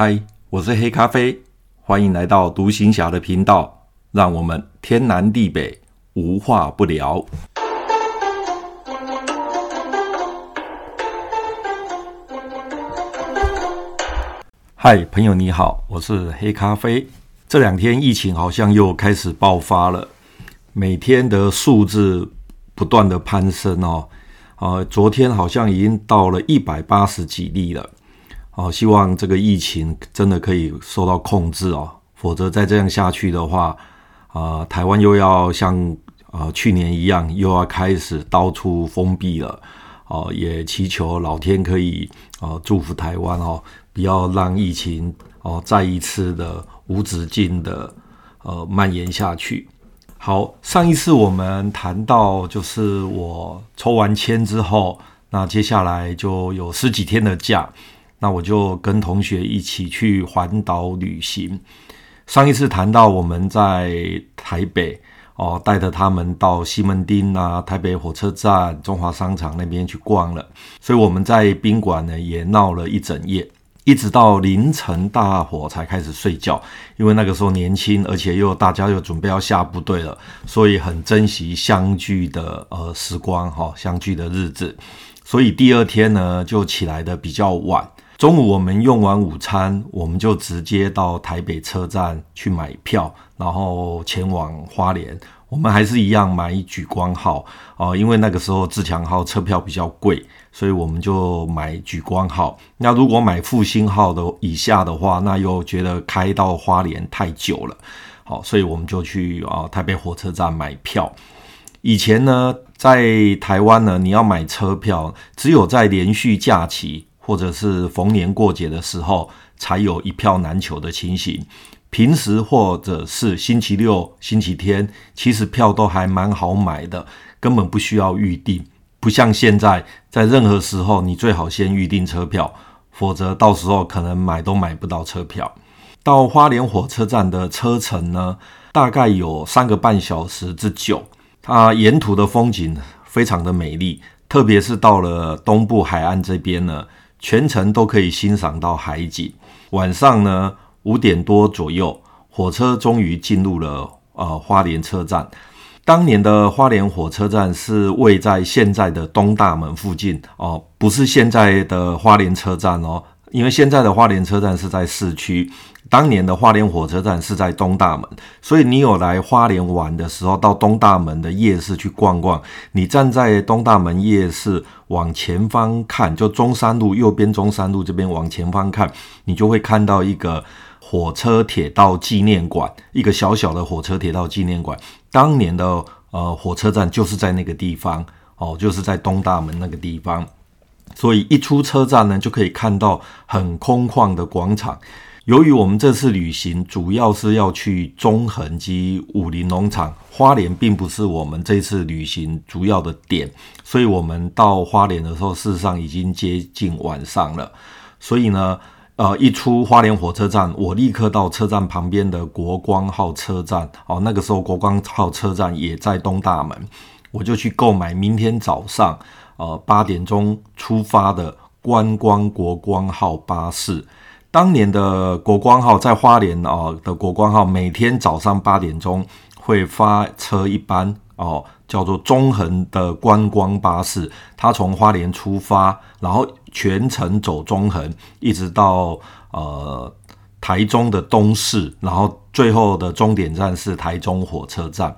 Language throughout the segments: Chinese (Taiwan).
嗨，我是黑咖啡，歡迎來到讀行俠的頻道，讓我們天南地北無話不聊。嗨，朋友你好，我是黑咖啡。這兩天疫情好像又開始爆發了，每天的數字不斷的攀升哦，呃，昨天好像已經到了一百八十幾例了。希望這個疫情真的可以受到控制哦，否則再這樣下去的話，啊、呃，台灣又要像啊、呃，去年一樣，又要開始到處封閉了，呃，也祈求老天可以啊、呃，祝福台灣哦，不要讓疫情哦，呃，再一次的無止境的呃蔓延下去。好，上一次我們談到就是我抽完籤之後，那接下來就有十幾天的假。那我就跟同學一起去環島旅行。上一次談到我們在台北哦，帶着他們到西門町啊、台北火車站、中華商場那邊去逛了。所以我們在賓館呢也鬧了一整夜，一直到凌晨大夥才開始睡覺。因為那個時候年輕，而且又大家又準備要下部隊了，所以很珍惜相聚的呃時光哈、哦，相聚的日子。所以第二天呢就起來的比較晚。中午我們用完午餐，我們就直接到台北車站去買票，然後前往花蓮。我們還是一樣買莒光號哦，因為那個時候自強號車票比較貴，所以我們就買莒光號。那如果買復興號的以下的話，那又覺得開到花蓮太久了，好，哦，所以我們就去啊，哦，台北火車站買票。以前呢，在台灣呢，你要買車票，只有在連續假期。或者是逢年過節的時候才有一票難求的情形，平時或者是星期六、星期天，其實票都還蠻好買的，根本不需要預定。不像現在，在任何時候，你最好先預定車票，否則到時候可能買都買不到車票。到花蓮火車站的車程呢，大概有三個半小時之久。它沿途的風景非常的美麗，特別是到了東部海岸這邊呢。全程都可以欣賞到海景。晚上呢，五點多左右，火車終於進入了呃花蓮車站。當年的花蓮火車站是位在現在的東大門附近哦，呃，不是現在的花蓮車站哦。因為現在的花蓮車站是在市區，當年的花蓮火車站是在東大門，所以你有來花蓮玩的時候，到東大門的夜市去逛逛。你站在東大門夜市往前方看，就中山路右邊中山路這邊往前方看，你就會看到一個火車鐵道紀念館，一個小小的火車鐵道紀念館。當年的呃火車站就是在那個地方哦，就是在東大門那個地方。所以一出車站呢，就可以看到很空曠的廣場。由於我們這次旅行主要是要去中橫及武陵農場，花蓮並不是我們這次旅行主要的點，所以我們到花蓮的時候，事實上已經接近晚上了。所以呢，呃，一出花蓮火車站，我立刻到車站旁邊的國光號車站哦，那個時候國光號車站也在東大門，我就去購買明天早上。呃，八點鐘出發的觀光國光號巴士，當年的國光號在花蓮啊、呃、的國光號，每天早上八點鐘會發車一班哦、呃，叫做中橫的觀光巴士，他從花蓮出發，然後全程走中橫，一直到呃台中的東勢，然後最後的終點站是台中火車站，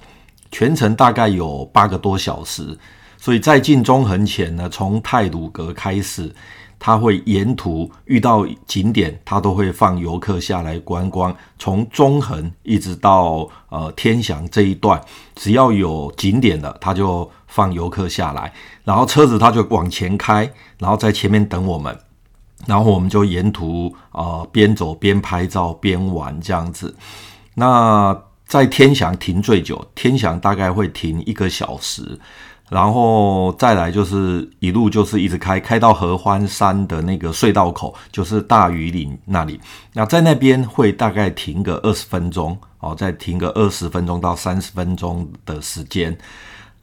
全程大概有八個多小時。所以在進中橫前呢，從太魯閣開始，他會沿途遇到景點，他都會放遊客下來觀光。從中橫一直到呃天祥這一段，只要有景點的，他就放遊客下來，然後車子他就往前開，然後在前面等我們，然後我們就沿途呃邊走邊拍照邊玩這樣子。那在天祥停最久，天祥大概會停一個小時。然後再來就是一路就是一直開，開到合歡山的那個隧道口，就是大禹嶺那裡。那在那邊會大概停個二十分鐘哦，再停個二十分鐘到三十分鐘的時間。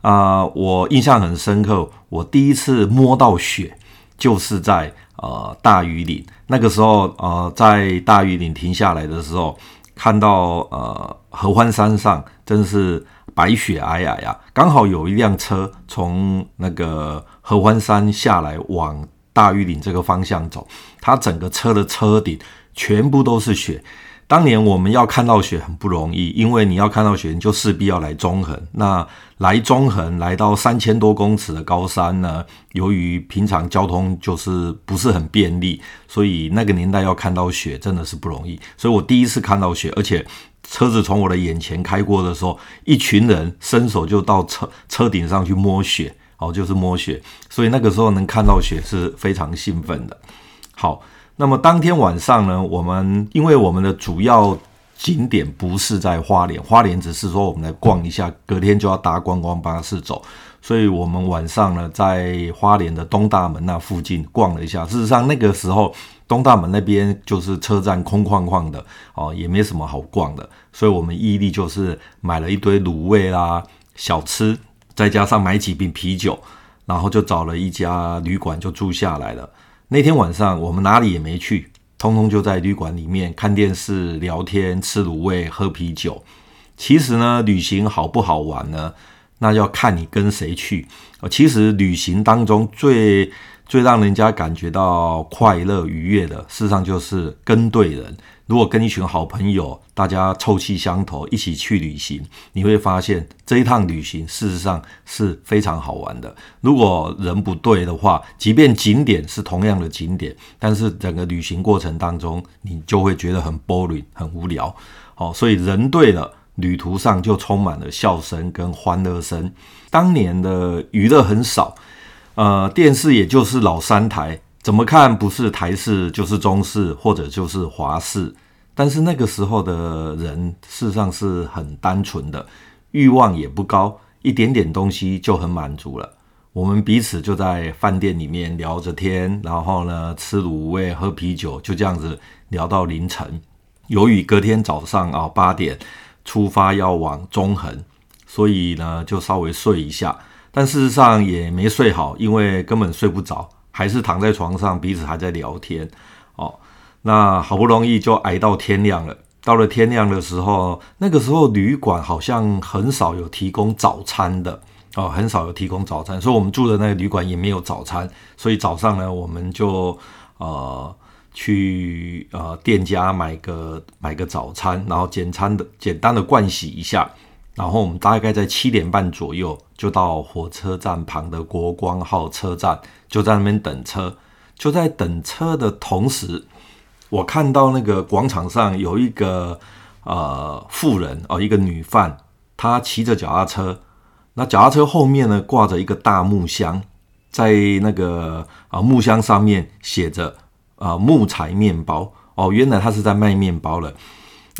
啊、呃，我印象很深刻，我第一次摸到雪就是在呃大禹嶺。那個時候呃在大禹嶺停下來的時候，看到呃合歡山上真是。白雪皚皚啊，呀呀！剛好有一輛車從那個合歡山下來，往大禹嶺這個方向走，它整個車的車頂全部都是雪。當年我們要看到雪很不容易，因為你要看到雪，你就勢必要來中橫，那來中橫來到三千多公尺的高山呢，由於平常交通就是不是很便利，所以那個年代要看到雪真的是不容易。所以我第一次看到雪，而且，車子從我的眼前開過的時候，一群人伸手就到車車頂上去摸雪，哦，就是摸雪，所以那個時候能看到雪是非常興奮的。好，那麼當天晚上呢，我們因為我們的主要景點不是在花蓮，花蓮只是說我們來逛一下，隔天就要搭觀光巴士走，所以我們晚上呢在花蓮的東大門那附近逛了一下。事實上那個時候。東大門那邊就是車站空曠曠的哦，也沒什麼好逛的，所以我們毅力就是買了一堆滷味啦、啊、小吃，再加上買幾瓶啤酒，然後就找了一家旅館就住下來了。那天晚上我們哪裡也沒去，通通就在旅館裡面看電視、聊天、吃滷味、喝啤酒。其實呢，旅行好不好玩呢？那要看你跟誰去。哦，其實旅行當中最……最讓人家感覺到快樂愉悅的，事實上就是跟對人。如果跟一群好朋友，大家臭氣相投，一起去旅行，你會發現這一趟旅行事實上是非常好玩的。如果人不對的話，即便景點是同樣的景點，但是整個旅行過程當中，你就會覺得很 boring，很無聊。好、哦，所以人對了，旅途上就充滿了笑聲跟歡樂聲。當年的娛樂很少。呃，電視也就是老三台，怎麼看不是台視就是中視或者就是華視。但是那個時候的人，事實上是很單純的，欲望也不高，一點點東西就很滿足了。我們彼此就在飯店裡面聊着天，然後呢吃滷味喝啤酒，就這樣子聊到凌晨。由於隔天早上啊八點出發要往中橫，所以呢就稍微睡一下。但事實上也沒睡好，因為根本睡不着，還是躺在床上，彼此還在聊天哦。那好不容易就挨到天亮了。到了天亮的時候，那個時候旅館好像很少有提供早餐的哦，很少有提供早餐，所以我們住的那個旅館也沒有早餐。所以早上呢，我們就呃去呃店家買個買個早餐，然後簡餐的簡單的盥洗一下，然後我們大概在七點半左右。就到火車站旁的國光號車站，就在那邊等車。就在等車的同時，我看到那個廣場上有一個呃婦人哦、呃，一個女犯，她騎着腳踏車，那腳踏車後面呢掛着一個大木箱，在那個啊、呃、木箱上面寫着啊、呃、木材麵包哦，原來她是在賣麵包了。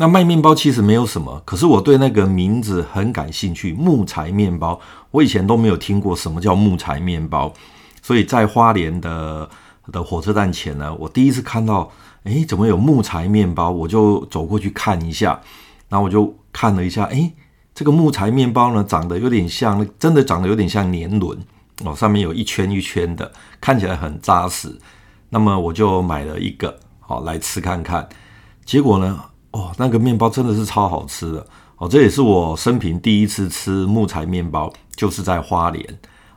那賣麵包其實沒有什麼，可是我對那個名字很感興趣，木材麵包，我以前都沒有聽過什麼叫木材麵包，所以在花蓮的的火車站前呢，我第一次看到，哎，怎麼有木材麵包？我就走過去看一下，然後我就看了一下，哎，這個木材麵包呢，長得有點像，真的長得有點像年輪哦，上面有一圈一圈的，看起來很扎實，那麼我就買了一個，好、哦、來吃看看，結果呢？哦，那個麵包真的是超好吃的哦！這也是我生平第一次吃木材麵包，就是在花蓮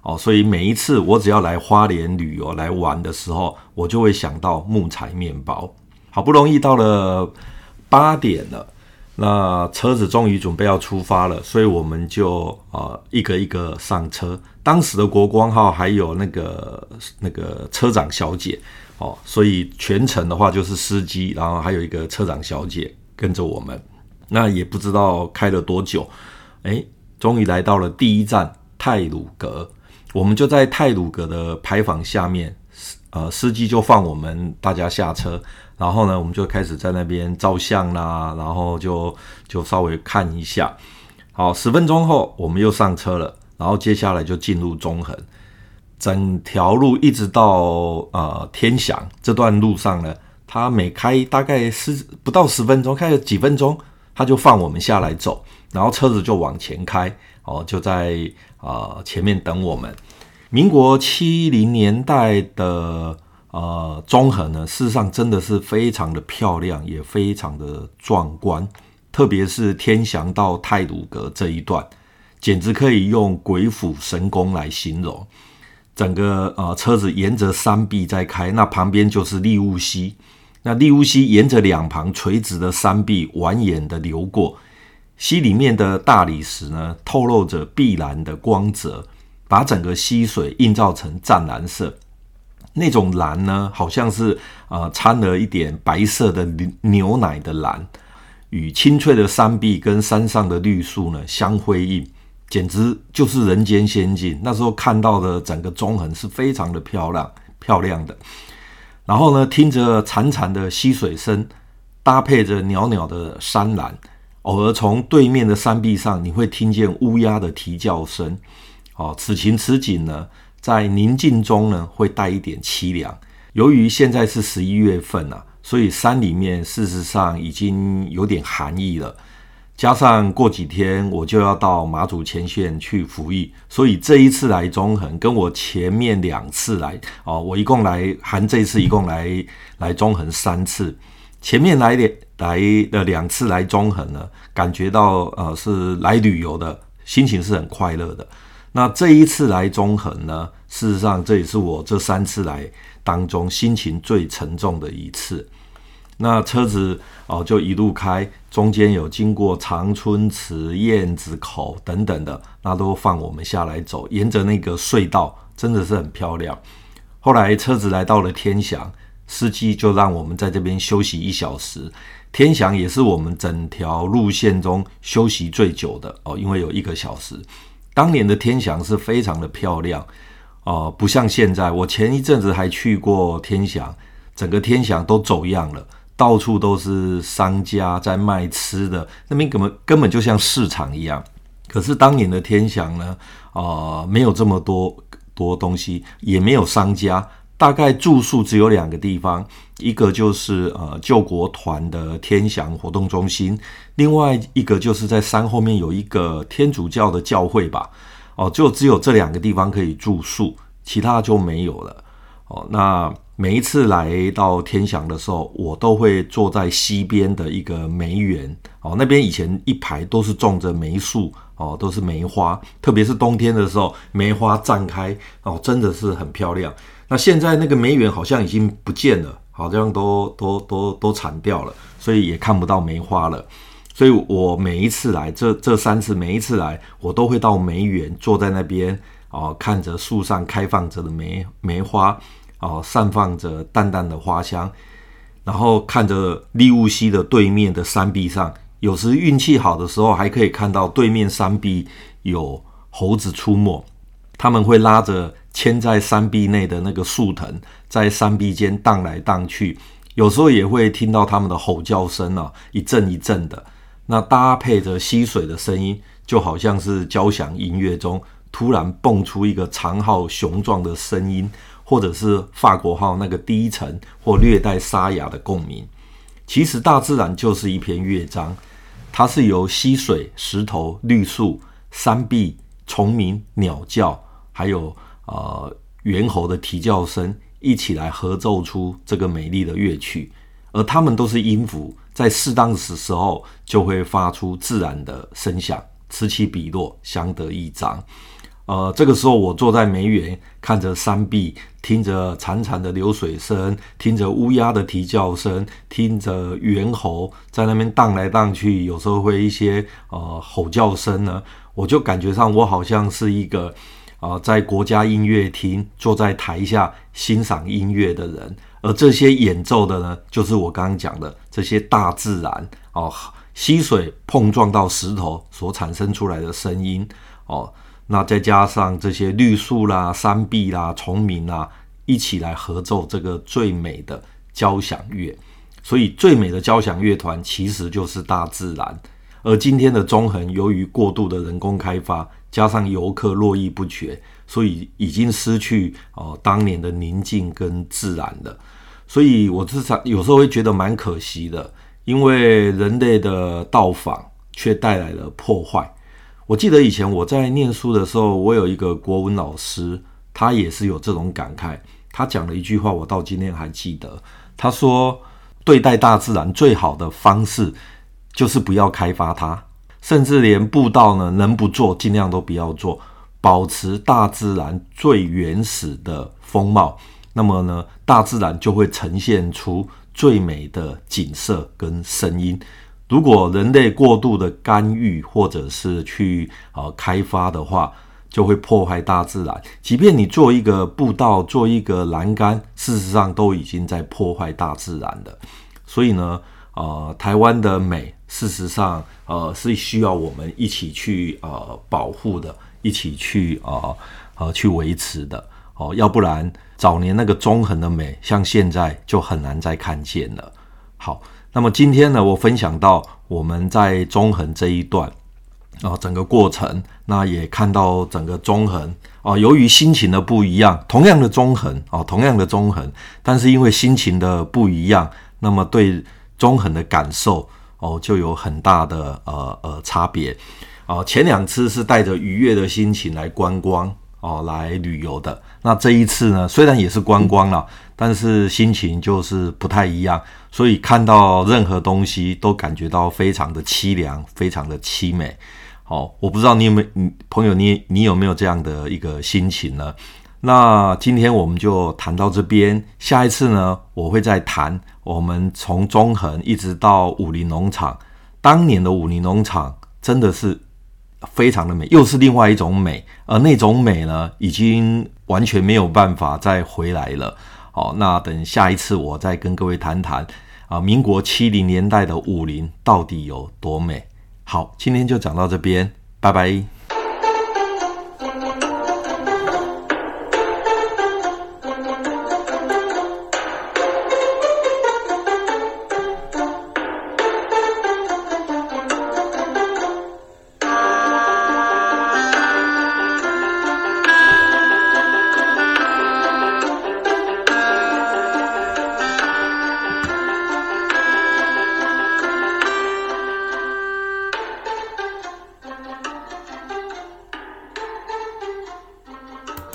哦。所以每一次我只要來花蓮旅遊來玩的時候，我就會想到木材麵包。好不容易到了八點了，那車子終於準備要出發了，所以我們就啊、呃、一個一個上車。當時的國光號還有那個那個車長小姐哦，所以全程的話就是司機，然後還有一個車長小姐。跟着我們，那也不知道開了多久，哎，終於來到了第一站太魯閣。我們就在太魯閣的牌坊下面，司呃司機就放我們大家下車，然後呢，我們就開始在那邊照相啦，然後就就稍微看一下。好，十分鐘後我們又上車了，然後接下來就進入中橫，整條路一直到呃天祥這段路上呢。他每開大概不到十分鐘，開了幾分鐘，他就放我們下來走，然後車子就往前開，哦，就在、呃、前面等我們。民國七零年代的呃中橫呢，事實上真的是非常的漂亮，也非常的壯觀，特別是天祥到太魯閣這一段，簡直可以用鬼斧神工來形容。整個呃車子沿着山壁在開，那旁邊就是立霧溪。那立霧溪沿着兩旁垂直的山壁蜿蜒的流過，溪裡面的大理石呢，透露着碧藍的光澤，把整個溪水映照成湛藍色。那種藍呢，好像是啊、呃、摻了一點白色的牛牛奶的藍，與青翠的山壁跟山上的綠樹呢相輝映，簡直就是人間仙境。那時候看到的整個中橫是非常的漂亮漂亮的。然後呢，聽着潺潺的溪水聲，搭配着裊裊的山嵐，偶爾從對面的山壁上，你會聽見烏鴉的啼叫聲。哦，此情此景呢，在寧靜中呢，會帶一點淒涼。由於現在是十一月份了啊，所以山裡面事實上已經有點寒意了。加上過幾天我就要到馬祖前線去服役，所以這一次來中橫，跟我前面兩次來，哦，我一共來，含這一次一共來來中橫三次，前面來兩來的、呃、兩次來中橫呢，感覺到呃是來旅遊的心情是很快樂的，那這一次來中橫呢，事實上這也是我這三次來當中心情最沉重的一次。那車子哦、呃，就一路開，中間有經過長春祠、燕子口等等的，那都放我們下來走，沿着那個隧道真的是很漂亮。後來車子來到了天祥，司機就讓我們在這邊休息一小時。天祥也是我們整條路線中休息最久的哦、呃，因為有一個小時。當年的天祥是非常的漂亮哦、呃，不像現在。我前一陣子還去過天祥，整個天祥都走樣了。到處都是商家在賣吃的，那邊根本根本就像市場一樣。可是當年的天祥呢，啊、呃，沒有這麼多多東西，也沒有商家，大概住宿只有兩個地方，一個就是呃救國團的天祥活動中心，另外一個就是在山後面有一個天主教的教會吧，哦、呃，就只有這兩個地方可以住宿，其他就沒有了。哦，那每一次來到天祥的時候，我都會坐在西邊的一個梅園哦，那邊以前一排都是種着梅樹哦，都是梅花，特別是冬天的時候，梅花綻開哦，真的是很漂亮。那現在那個梅園好像已經不見了，好像都都都都鏟掉了，所以也看不到梅花了。所以我每一次來這這三次，每一次來我都會到梅園坐在那邊哦，看着樹上開放着的梅梅花。哦，散放着淡淡的花香，然後看着立霧溪的對面的山壁上，有時運氣好的時候，還可以看到對面山壁有猴子出沒，他們會拉着牽在山壁內的那個樹藤，在山壁間盪來盪去，有時候也會聽到他們的吼叫聲啊、哦，一陣一陣的，那搭配着溪水的聲音，就好像是交響音樂中突然蹦出一個長號雄壯的聲音。或者是法國號那個低沉或略帶沙啞的共鳴，其實大自然就是一篇樂章，它是由溪水、石頭、綠樹、山壁、蟲鳴、鳥叫，還有呃猿猴的啼叫聲一起來合奏出這個美麗的樂曲，而它們都是音符，在適當的時時候就會發出自然的聲響，此起彼落，相得益彰。呃，這個時候我坐在梅園，看着山壁，聽着潺潺的流水聲，聽着烏鴉的啼叫聲，聽着猿猴在那邊蕩來蕩去，有時候會一些呃吼叫聲呢，我就感覺上我好像是一個啊、呃，在國家音樂廳坐在台下欣賞音樂的人，而這些演奏的呢，就是我剛剛講的這些大自然哦，溪水碰撞到石頭所產生出來的聲音哦。那再加上這些綠樹啦、山壁啦、蟲鳴啦，一起來合奏這個最美的交響樂。所以，最美的交響樂團其實就是大自然。而今天的中橫，由於過度的人工開發，加上遊客絡繹不絕，所以已經失去哦、呃、當年的寧靜跟自然了。所以我至少有時候會覺得蠻可惜的，因為人類的到訪卻帶來了破壞。我記得以前我在念書的時候，我有一個國文老師，他也是有這種感慨。他講了一句話，我到今天還記得。他說，對待大自然最好的方式就是不要開發它，甚至連步道呢，能不做盡量都不要做，保持大自然最原始的風貌。那麼呢，大自然就會呈現出最美的景色跟聲音。如果人類過度的干預或者是去呃開發的話，就會破壞大自然。即便你做一個步道、做一個欄杆，事實上都已經在破壞大自然的。所以呢，呃，台灣的美，事實上呃是需要我們一起去呃保護的，一起去呃呃去維持的。哦、呃，要不然早年那個中橫的美，像現在就很難再看見了。好。那麼今天呢，我分享到我們在中橫這一段啊、哦，整個過程，那也看到整個中橫啊、哦。由於心情的不一樣，同樣的中橫啊、哦，同樣的中橫，但是因為心情的不一樣，那麼對中橫的感受哦，就有很大的呃呃差別啊、哦。前兩次是帶着愉悅的心情來觀光哦，來旅遊的。那這一次呢，雖然也是觀光了，但是心情就是不太一樣。所以看到任何東西都感覺到非常的淒涼，非常的淒美。好、哦，我不知道你有沒有，你朋友你你有沒有這樣的一個心情呢？那今天我們就談到這邊，下一次呢，我會再談。我們從中橫一直到武林農場，當年的武林農場真的是非常的美，又是另外一種美，而那種美呢已經完全沒有辦法再回來了。好，那等下一次我再跟各位談談啊，民國七零年代的武陵到底有多美好？今天就講到這邊，拜拜。